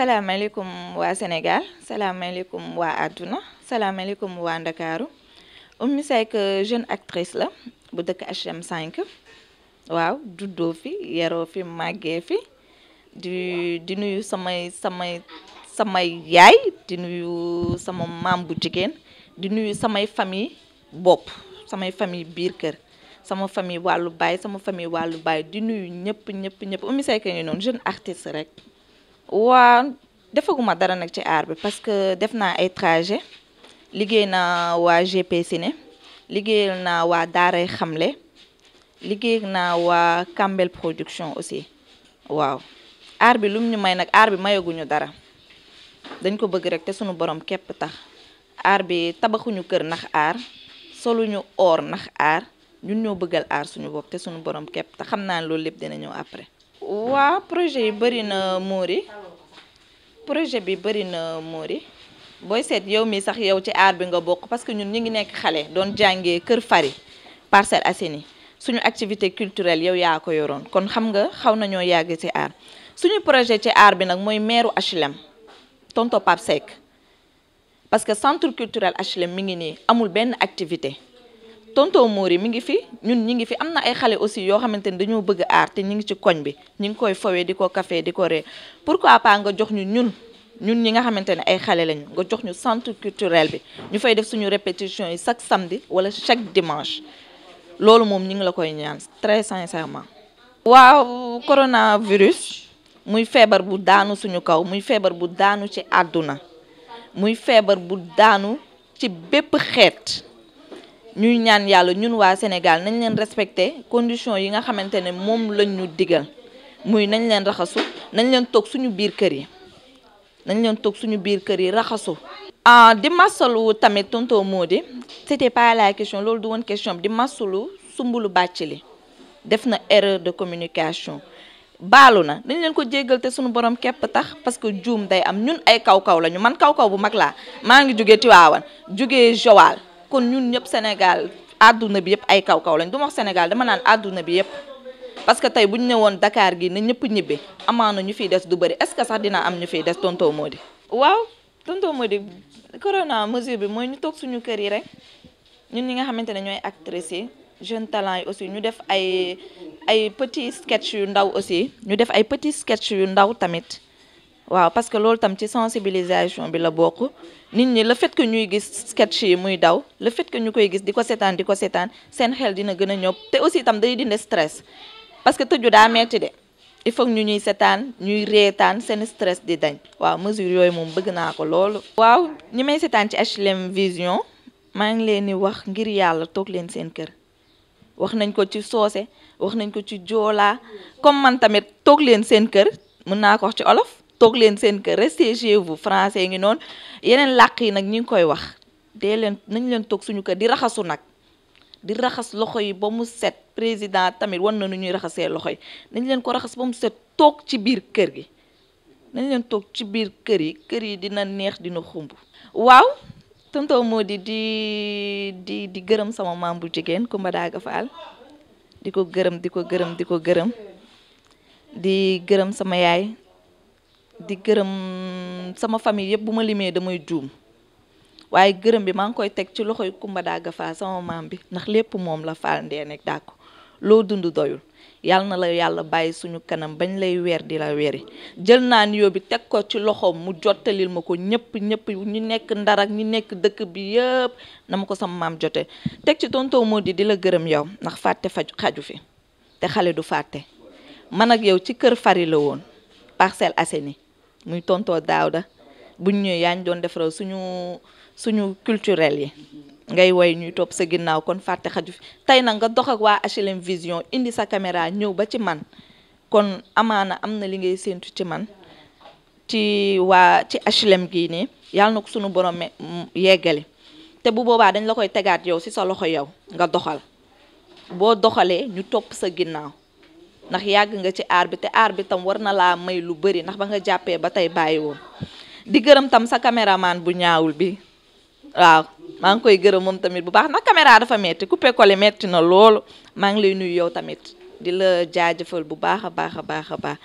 salaamaaleykum waa Sénégal salaamaaleykum waa àdduna salaamaaleykum waa Ndakaaru Oumy Seck jeune actrice la bu dëkk HLM 5 waaw juddoo fi yaroo fi màggee fi di di nuyu samay samay samay yaay di nuyu sama maam bu jigéen di nuyu samay famille bopp samay famille biir kër sama famille wàllu baay sama famille wàllu baay di nuyu ñëpp ñëpp ñëpp Oumy Seck noonu jeune artiste rek waa defaguma dara nag ci aar bi parce que def naa ay trajet liggéey naa waa GP ne liggéeyal naa waa Daaray le liggéey naa waa Kambel production aussi waaw aar bi lum ñu may nag aar bi mayaguñu dara dañ ko bëgg rek te sunu borom képp tax aar bi tabaxuñu kër ndax aar soluñu or ndax aar ñun ñoo bëggal aar suñu bopp te suñu borom képp te xam naa loolu lépp dina ñëw après. waa projet yi bëri na projet bi bëri na Mori booy seet yow mi sax yow ci aar bi nga bokk parce que ñun ñu ngi nekk xale doon jàngee Kër Fari Parcelles Assainies suñu activité culturelle yow yaa ko yoroon kon xam nga xaw nañoo yàgg ci aar suñu projet ci aar bi nag mooy meeru HLM tonto Pape Seck parce que centre culturel HLM mi ngi nii amul benn activité tonton yi mi ngi fi ñun ñi ngi fi am na ay xale aussi yoo xamante ni dañoo bëgg aar te ñi ngi ci koñ bi ñi ngi koy fowee di ko café di ko ree pourquoi pas nga jox ñu ñun ñun ñi nga xamante ne ay xale lañu nga jox ñu centre culturel bi ñu fay def suñu répétition yi chaque samedi wala chaque dimanche loolu moom ñu ngi la koy ñaan très sincèrement waaw coronavirus muy feebar bu daanu suñu kaw muy feebar bu daanu ci àdduna muy feebar bu daanu ci bépp xeet ñuy ñaan yàlla ñun waa Sénégal nañ leen respecté condition yi nga xamante ne moom lañ ñu digal muy nañ leen raxasu nañ leen toog suñu biir kër yi nañ leen toog suñu biir kër yi raxasu ah, di masalu tamit tonton Mody c'était pas la question loolu du woon question bi di masalu sumbulu bàcc li def na erreur de communication baalu na dañ leen ko jéggal te suñu borom képp tax parce que juum day am ñun ay kaw-kaw lañu man kaw-kaw bu mag laa maa ngi jóge Tiwaawan jóge Joal kon ñun ñëpp Sénégal àdduna bi yëpp ay kaw kaw lañ du ma Sénégal dama naan àdduna bi yëpp parce que tey bu ñu ne woon Dakar gi na ñëpp ñibbi amaana ñu fi des du bëri est-ce que sax dina am ñu fiy des tonton Mody waaw tonton Mody corona mesure bi mooy ñu toog suñu kër yi rek ñun ñi nga xamante ne ñooy actrices yi jeune talent yi aussi ñu def ay ay petit sketch yu ndaw aussi ñu def ay petit sketch yu ndaw tamit waaw parce que loolu tam ci sensibilisation bi la bokk nit ñi la fait que ñuy gis sketch yi muy daw le fait que ñu koy gis di ko seetaan di ko seetaan seen xel dina gën a ñëw te aussi tam day dindi stress parce que tëju daa metti de il faut ñu ñuy seetaan ñuy reetaan seen stress di dañ waaw mesure yooyu moom bëgg naa ko loolu waaw ñi may setaan ci HLM Vision maa ngi leen di wax ngir yàlla toog leen seen kër wax nañ ko ci soose wax nañ ko ci joolaa comme man tamit toog leen seen kër mën naa ko wax ci olof toog leen seen kër restez chez vous français ngi noonu yeneen làkk yi nag ñu ngi koy wax dee leen nañ leen toog suñu kër di raxasu nag di raxas loxo yi ba mu set président tamit wan na nu ñuy raxasee loxo yi nañ leen ko raxas ba mu set toog ci biir kër gi nañ leen toog ci biir kër yi kër yi dina neex dina xumb waaw tonton moo di di di gërëm sama maam bu jigéen Coumba Daaga Fall di ko gërëm di ko gërëm di ko gërëm di gërëm sama yaay di gërëm sama famille yëpp bu ma limee damay juum waaye gërëm bi maa ngi koy teg ci loxoy Kumba Daaga sama maam bi ndax lépp moom la Fall ndeen ak dàkku loo dund doyul yàlla na la yàlla bàyyi suñu kanam bañ lay weer di la weeri jël naa nuyoo bi teg ko ci loxoom mu jottalil ma ko ñëpp ñëpp ñu nekk ndar ñi nekk dëkk bi yëpp na ma ko sama maam jotee teg ci tonton Modou di di la gërëm yow ndax fàtte faj xaju fi te xale du fàtte man ak yow ci kër fari la woon Parcelles muy tonton Daouda buñ ñëw yaa ñu doon defaral suñu suñu culturel yi ngay woy ñuy topp sa ginnaaw kon fàtte xaju fi tey nag nga dox ak waa HLM Vision indi sa kamera ñëw ba ci man kon amaana am na li ngay séentu ci man ci waa ci HLM gii nii yàlla na ko suñu borom mm, yeggali te bu boobaa dañ la koy tegaat yow si sa loxo yow nga doxal boo doxalee ñu topp sa ginnaaw ndax yàgg nga ci aar bi te aar bi tam war na laa may lu bari ndax ba nga jàppee ba tey bàyyi woon di gërëm tam sa caméraman bu ñaawul bi waaw maa ngi koy gërëm moom tamit bu baax ndax caméra dafa metti coupé collé metti na loolu maa ngi lay nuyu yow tamit di la jaajëfal bu baax a baax a baax a baax